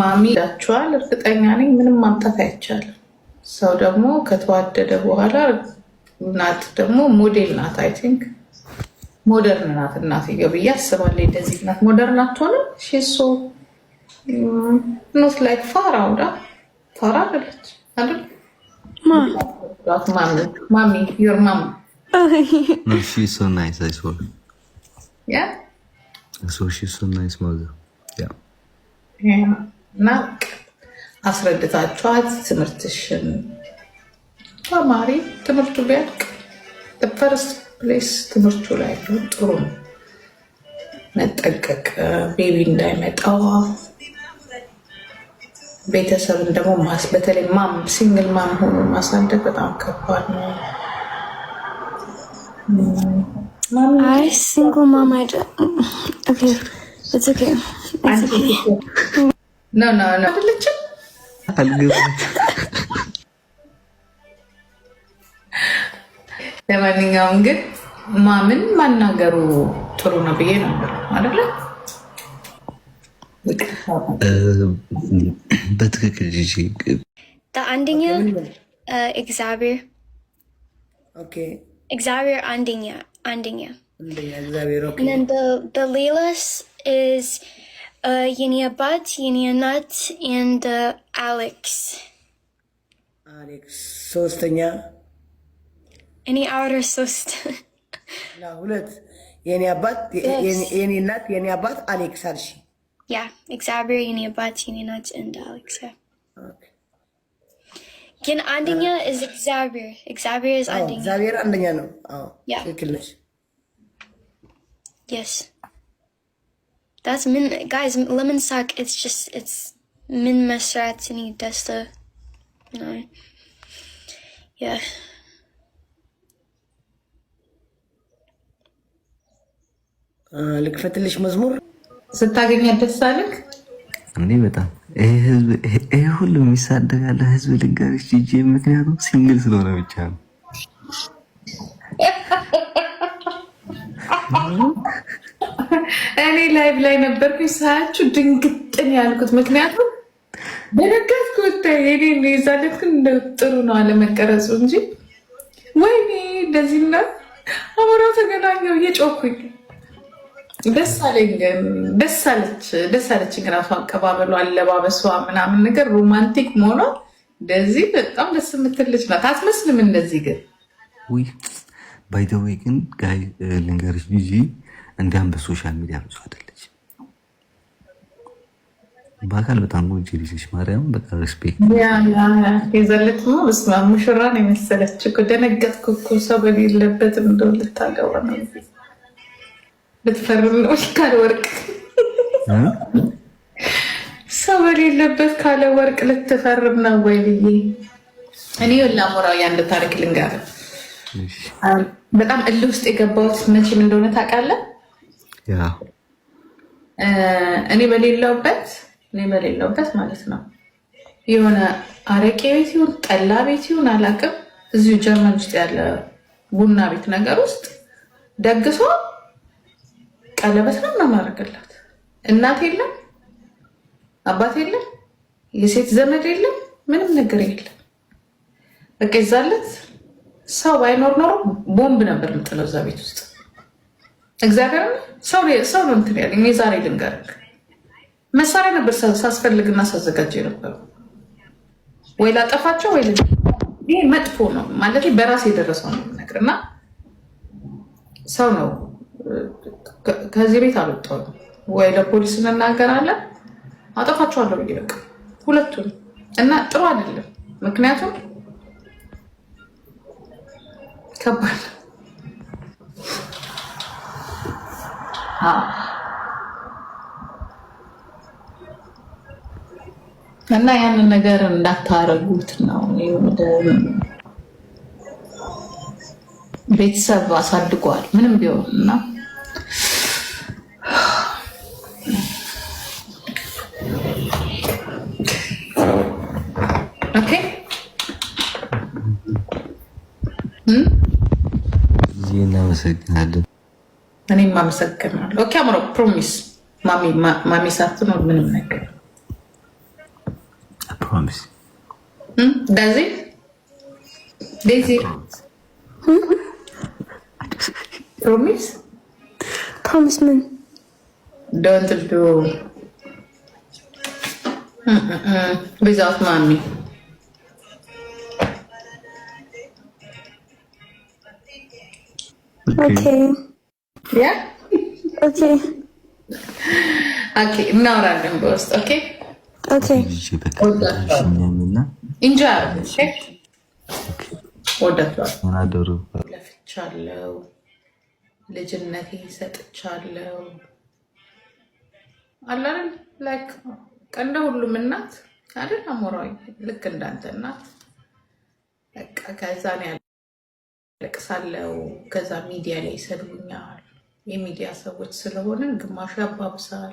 ማሚ ዳችኋል። እርግጠኛ ነኝ ምንም ማምጣት አይቻልም። ሰው ደግሞ ከተዋደደ በኋላ እናት ደግሞ ሞዴል ናት። አይ ቲንክ ሞደርን ናት እናትየው ብዬ አስባለሁ። እንደዚህ ናት ሞደርን አትሆንም። ሺሶ ኖት ላይክ ፋራ ውዳ ፋራ አለች አይደል ማሚ ዮር ማማ ሶ ናይስ ሶ ናይስ ማዘር እና አስረድታችኋት ትምህርትሽን ተማሪ ትምህርቱ ቢያልቅ ፈርስት ፕሌስ ትምህርቱ ላይ ጥሩ መጠንቀቅ ቤቢ እንዳይመጣው ቤተሰብን ደግሞ ማስ በተለይ ማም ሲንግል ማም ሆኖ ማሳደግ በጣም ከባድ ነው። አይ ሲንግል ማም ለማንኛውም ግን ማምን ማናገሩ ጥሩ ነው ብዬ ነበር አይደለ? በትክክል አንደኛ እግዚአብሔር እግዚአብሔር አንደኛ አንደኛ በሌላስ uh, Yenia Butt, uh, Yenia Nut, and Alex. Alex. Alex, Sostanya. Any outer Sost. No, let Yenia Butt, Yenia Nut, Yenia Butt, Alex Arshi. Yeah, Xavier, Yenia Butt, Yenia Nut, and Alex. Okay. Can Andinya uh, is Xavier. Xavier is oh, Xavier Andinya, no. Oh, yeah. Yes. Yes. That's min guys, lemon suck, it's just it's min masratini, that's the you know yeah. Uh, ልክፈትልሽ መዝሙር ስታገኛት ደስ አለህ እንዴ? በጣም ይህ ሁሉ የሚሳደጋለ ህዝብ ልንገርሽ ምክንያቱም ሲንግል ስለሆነ ብቻ ነው። ላይቭ ላይ ነበርኩኝ ሳያችሁ ድንግጥን ያልኩት ምክንያቱም በነጋት ከወታ የኔ የዛለት ግን ጥሩ ነው አለመቀረጹ እንጂ ወይኔ እንደዚህና አብረው ተገናኘው እየጮኩኝ ደስ አለኝ። ደስ አለችኝ። ራሱ አቀባበሉ፣ አለባበሷ ምናምን ነገር ሮማንቲክ መሆኗ እንደዚህ በጣም ደስ የምትልች ናት። አትመስልም እንደዚህ ግን ውይ ባይተወይ ግን ጋይ ልንገርሽ እንጂ እንዲያም በሶሻል ሚዲያ ብዙ አይደለም በአካል በጣም ቆንጆ ልጅሽ ማርያም በቃ ሪስፔክት የዘለት ነው። በስመ አብ ሙሽራ የመሰለች እኮ ደነገጥኩ እኮ ሰው በሌለበት እንደው ልታገባ ነው ልትፈርም ነው ካለ ወርቅ ሰው በሌለበት ካለ ወርቅ ልትፈርም ነው ወይ ብዬ እኔ ላሞራው የአንድ ታሪክ ልንጋር በጣም እልህ ውስጥ የገባሁት መቼም እንደሆነ ታውቃለህ እኔ በሌለውበት እኔ በሌለውበት ማለት ነው። የሆነ አረቄ ቤት ይሁን ጠላ ቤት ይሁን አላውቅም፣ እዚሁ ጀርመን ውስጥ ያለ ቡና ቤት ነገር ውስጥ ደግሶ ቀለበት ነው እናማረግላት። እናት የለም፣ አባት የለም፣ የሴት ዘመድ የለም፣ ምንም ነገር የለም። በቃ ይዛለት ሰው ባይኖር ኖሮ ቦምብ ነበር የምጥለው እዛ ቤት ውስጥ። እግዚአብሔር ሰው ነው እንትን ያለኝ የዛሬ ልንገርህ መሳሪያ ነበር ሳስፈልግና ሳዘጋጅ ነበር። ወይ ላጠፋቸው ወይ ይህ መጥፎ ነው ማለት በራስ የደረሰው ነው ነገር እና ሰው ነው ከዚህ ቤት አልወጣው ወይ ለፖሊስ እንናገራለን አጠፋቸዋለሁ ብዬ በቃ ሁለቱም እና ጥሩ አይደለም። ምክንያቱም ከባድ እና ያን ነገር እንዳታረጉት ነው። ቤተሰብ አሳድጓል ምንም ቢሆን እና እናመሰግናለን። እኔም አመሰግናለሁ። ኦኬ አምሮ ፕሮሚስ ማሚ ማሚ ሳትኖር ምንም ነገር Hmm? Does it? Daisy? Hmm? Promise? Promise me. do. Mm-mm-mm. Without hmm, mommy. Okay. Yeah? Okay. Okay, እናወራለን በውስጥ Okay. Okay. እንጃ ወደቷል ለፍቻለው፣ ልጅነቴ ሰጥቻለው አላለን ላይክ ሁሉም እናት አይደል አሞራዊ ልክ እንዳንተ እናት በቃ ያለቅሳለው። ከዛ ሚዲያ ላይ ይሰድቡኛል። የሚዲያ ሰዎች ስለሆንን ግማሽ ያባብሳል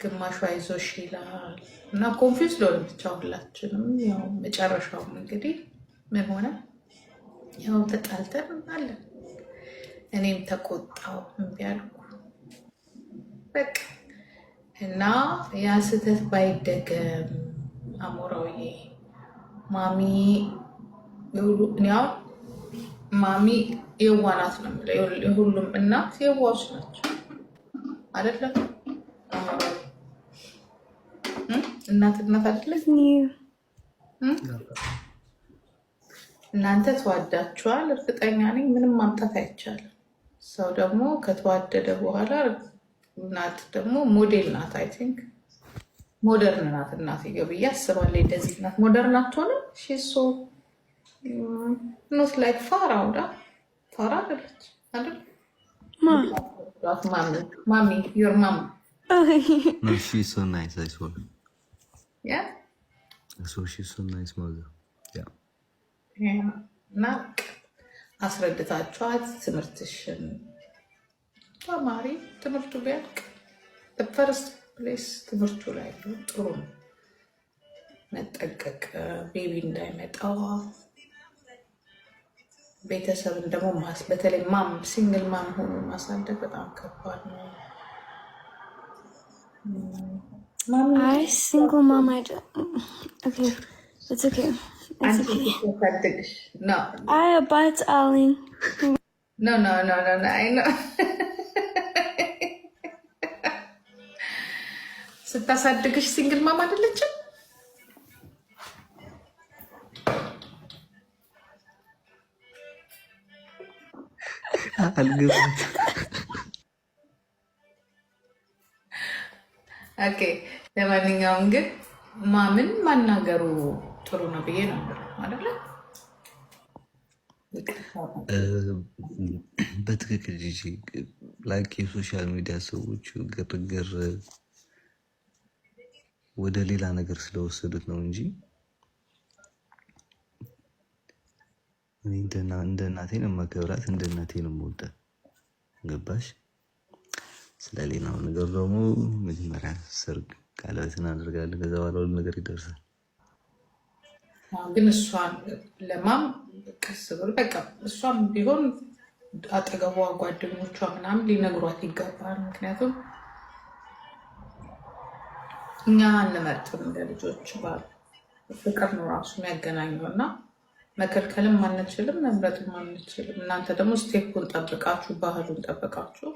ግማሹ አይዞሽ ይላል እና ኮንፊውዝ ሎን ብቻ ሁላችንም ያው መጨረሻውም እንግዲህ ምን ሆነ? ያው ተጣልተን አለን። እኔም ተቆጣው እምቢ አልኩ በቃ እና ያ ስህተት ባይደገም አሞራውዬ ማሚ ያው ማሚ የዋናት ነው የሁሉም እናት የዋች ናቸው አይደለም። እናንተ እናት አይደለች። እናንተ ተዋዳችኋል፣ እርግጠኛ ነኝ። ምንም ማምጣት አይቻልም። ሰው ደግሞ ከተዋደደ በኋላ እናት ደግሞ ሞዴል ናት። አይ ቲንክ ሞደርን ናት እናትየው ብዬ አስባለሁ። እንደዚህ ናት ሞደርን አትሆንም። ሺሶ ኖት ላይ ፋራ ውዳ ፋራ አደለች አደለ ማሚ ዮር ማማ Yeah. So she's so nice mother. Yeah. yeah ተማሪ ትምህርቱ ቢያልቅ ፈርስት ፕሌስ ትምህርቱ ላይ ጥሩ መጠንቀቅ ቤቢ እንዳይመጣ ቤተሰብን ደግሞ በተለይ ማም ሲንግል ማም ሆኖ ማሳደግ በጣም ከባድ ነው። Mommy. I single mom. I don't. Okay, it's okay. It's okay. Antipathetic. No. I bite Ali. No, no, no, no, no. I know. ስታሳድግሽ ሲንግል ማም አይደለችም? አልገባት ኦኬ። ለማንኛውም ግን ማምን ማናገሩ ጥሩ ነው ብዬ ነበር አይደለ? በትክክል ላይክ የሶሻል ሚዲያ ሰዎች ግርግር ወደ ሌላ ነገር ስለወሰዱት ነው እንጂ እንደ እናቴ ነው የማከብራት፣ እንደ እናቴ ነው የምወዳት። ገባሽ? ስለሌላው ነገር ደግሞ መጀመሪያ ሰርግ ቀለበትን አደርጋለሁ። ከዛ በኋላ ሁሉ ነገር ይደርሳል። ግን እሷን ለማም ቀስ ብሎ በቃ እሷም ቢሆን አጠገቧ ጓደኞቿ ምናምን ሊነግሯት ይገባል። ምክንያቱም እኛ አንመርጥም ለልጆች ባል ፍቅር ነው ራሱ የሚያገናኘው እና መከልከልም አንችልም፣ መምረጥም አንችልም። እናንተ ደግሞ ስቴፑን ጠብቃችሁ ባህሉን ጠብቃችሁ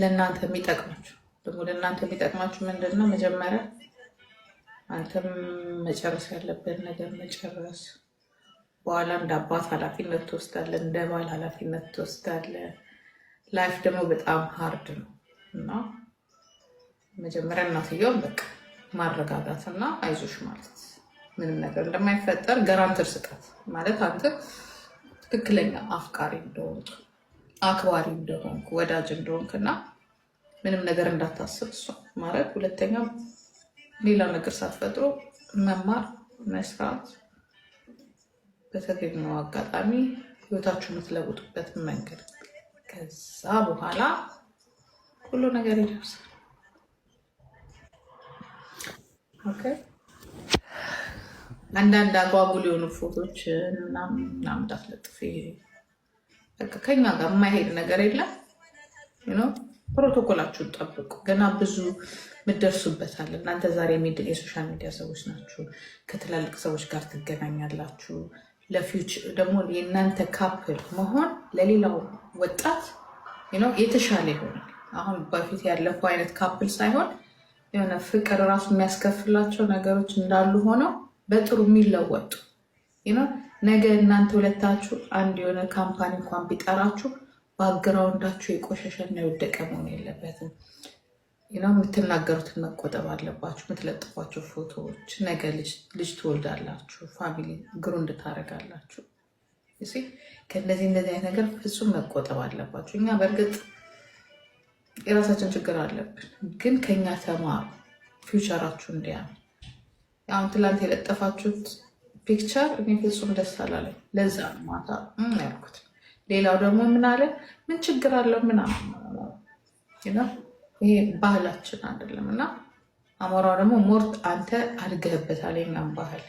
ለእናንተ የሚጠቅማችሁ ደግሞ ለእናንተ የሚጠቅማችሁ ምንድን ነው? መጀመሪያ አንተም መጨረስ ያለበት ነገር መጨረስ፣ በኋላ እንደ አባት ኃላፊነት ትወስዳለህ፣ እንደ ባል ኃላፊነት ትወስዳለህ። ላይፍ ደግሞ በጣም ሀርድ ነው እና መጀመሪያ እናትየውን በቃ ማረጋጋት እና አይዞሽ ማለት ምንም ነገር እንደማይፈጠር ገራንትር ስጣት ማለት አንተ ትክክለኛ አፍቃሪ እንደሆነ አክባሪ እንደሆንክ ወዳጅ እንደሆንክ እና ምንም ነገር እንዳታስብ እሷ ማድረግ ሁለተኛው ሌላ ነገር ሳትፈጥሮ መማር መስራት በተገኘው አጋጣሚ ህይወታችሁ የምትለውጡበት መንገድ ከዛ በኋላ ሁሉ ነገር ይደርሳል። አንዳንድ አጓጉል የሆኑ ፎቶች ምናምን እንዳትለጥፍ ይሄ በቃ ከኛ ጋር የማይሄድ ነገር የለም። ፕሮቶኮላችሁን ጠብቁ። ገና ብዙ ምደርሱበታል። እናንተ ዛሬ የሶሻል ሚዲያ ሰዎች ናችሁ። ከትላልቅ ሰዎች ጋር ትገናኛላችሁ። ለፊውቸር ደግሞ የእናንተ ካፕል መሆን ለሌላው ወጣት የተሻለ ይሆናል። አሁን በፊት ያለፈው አይነት ካፕል ሳይሆን የሆነ ፍቅር ራሱ የሚያስከፍላቸው ነገሮች እንዳሉ ሆነው በጥሩ የሚለወጡ ነገ እናንተ ሁለታችሁ አንድ የሆነ ካምፓኒ እንኳን ቢጠራችሁ ባግራውንዳችሁ የቆሸሸና የወደቀ መሆን የለበትም። ይነው የምትናገሩትን መቆጠብ አለባችሁ። የምትለጥፏቸው ፎቶዎች ነገ ልጅ ትወልዳላችሁ፣ ፋሚሊ ግሩ እንድታደርጋላችሁ ከእነዚህ እነዚህ አይነት ነገር ፍጹም መቆጠብ አለባችሁ። እኛ በእርግጥ የራሳችን ችግር አለብን፣ ግን ከኛ ተማሩ፣ ፊውቸራችሁ እንዲያ አሁን ትላንት የለጠፋችሁት ፒክቸር እኔ ፍጹም ደስ አላለኝ። ለዛ ነው ማታ ያልኩት። ሌላው ደግሞ ምን አለ ምን ችግር አለው ምናምን ይሄ ባህላችን አይደለም እና አሞራው ደግሞ ሞርት አንተ አድገህበታል። የኛን ባህል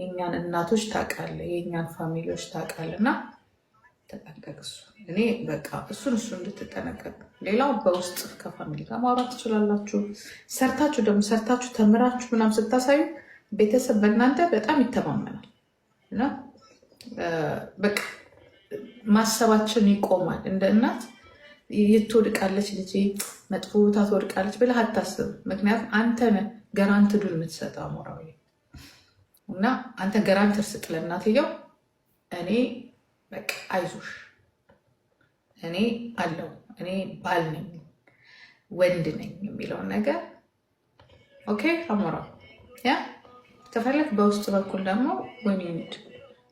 የኛን እናቶች ታውቃለህ፣ የኛን ፋሚሊዎች ታውቃለህ። እና ተጠንቀቅ። እሱ እኔ በቃ እሱን እሱ እንድትጠነቀቅ። ሌላው በውስጥ ከፋሚሊ ጋር ማውራት ትችላላችሁ። ሰርታችሁ ደግሞ ሰርታችሁ ተምራችሁ ምናምን ስታሳዩ ቤተሰብ በእናንተ በጣም ይተማመናል እና በቃ ማሰባችን ይቆማል። እንደ እናት ትወድቃለች ልጄ መጥፎ ቦታ ትወድቃለች ብለህ አታስብ። ምክንያቱም አንተን ገራንትዱን የምትሰጠው አሞራዊ እና አንተ ገራንት ስጥ ለእናትየው። እኔ በቃ አይዞሽ፣ እኔ አለው፣ እኔ ባል ነኝ፣ ወንድ ነኝ የሚለውን ነገር ኦኬ አሞራ ያ ከፈለግ በውስጥ በኩል ደግሞ ወኒኒድ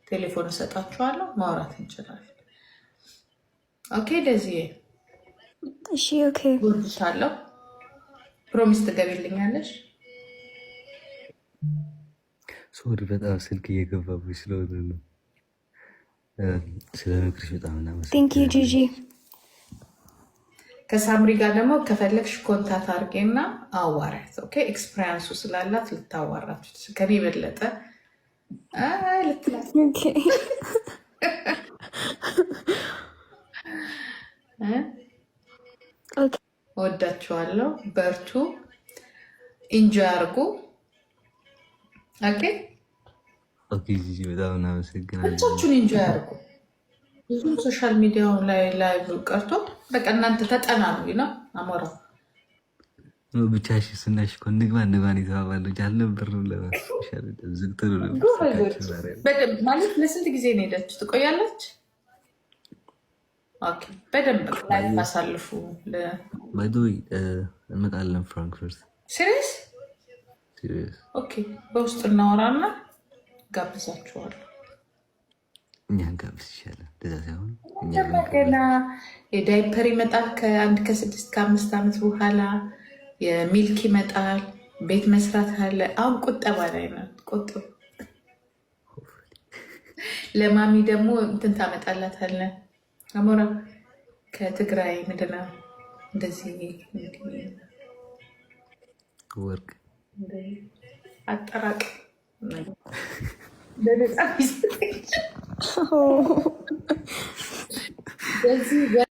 ቴሌፎን እሰጣችኋለሁ፣ ማውራት እንችላለን። ኦኬ ደዚህ እሺ፣ ኦኬ ጎድቻለሁ። ፕሮሚስ ትገቢልኛለሽ? ሶሪ፣ በጣም ስልክ እየገባብኝ ስለሆነ ነው። ስለ ምክርሽ በጣም እናመሰግናለን። ቴንክ ዩ ጂጂ ከሳምሪ ጋር ደግሞ ከፈለግሽ ኮንታት አርጌና አዋራት ኦኬ ስላላት ልታዋራት ከኔ የበለጠ ልትላት ወዳችኋለሁ። በርቱ፣ ኢንጆይ አርጉ። ኦኬ፣ ኦኬ። በጣም እናመሰግናለን። ብቻችሁን ኢንጆይ አድርጉ። ብዙ ሶሻል ሚዲያ ላይ ላይ ቀርቶ በቃ እናንተ ተጠናሉ ነው አሞራ ብቻሽ ስናሽ እኮ እንግባ እንግባ የተባባለች አልነበርም። ማለት ለስንት ጊዜ ነው ሄዳችሁ ትቆያለች? በደንብ ላይ ማሳልፉ ባይዶይ እንመጣለን ፍራንክፈርት። ሲሪስ ኦኬ። በውስጥ እናወራና ጋብዛችኋለሁ። እኛን ጋብስ ይሻላል። እንደዛ ሳይሆን ገና የዳይፐር ይመጣል ከአንድ ከስድስት ከአምስት ዓመት በኋላ የሚልክ ይመጣል። ቤት መስራት አለ። አሁን ቁጠባ ላይ ነው። ቁጡ ለማሚ ደግሞ እንትን ታመጣላት አለ አሞራ ከትግራይ ምንድን ነው እንደዚህ ወርቅ አጠራቅ that is amazing. oh.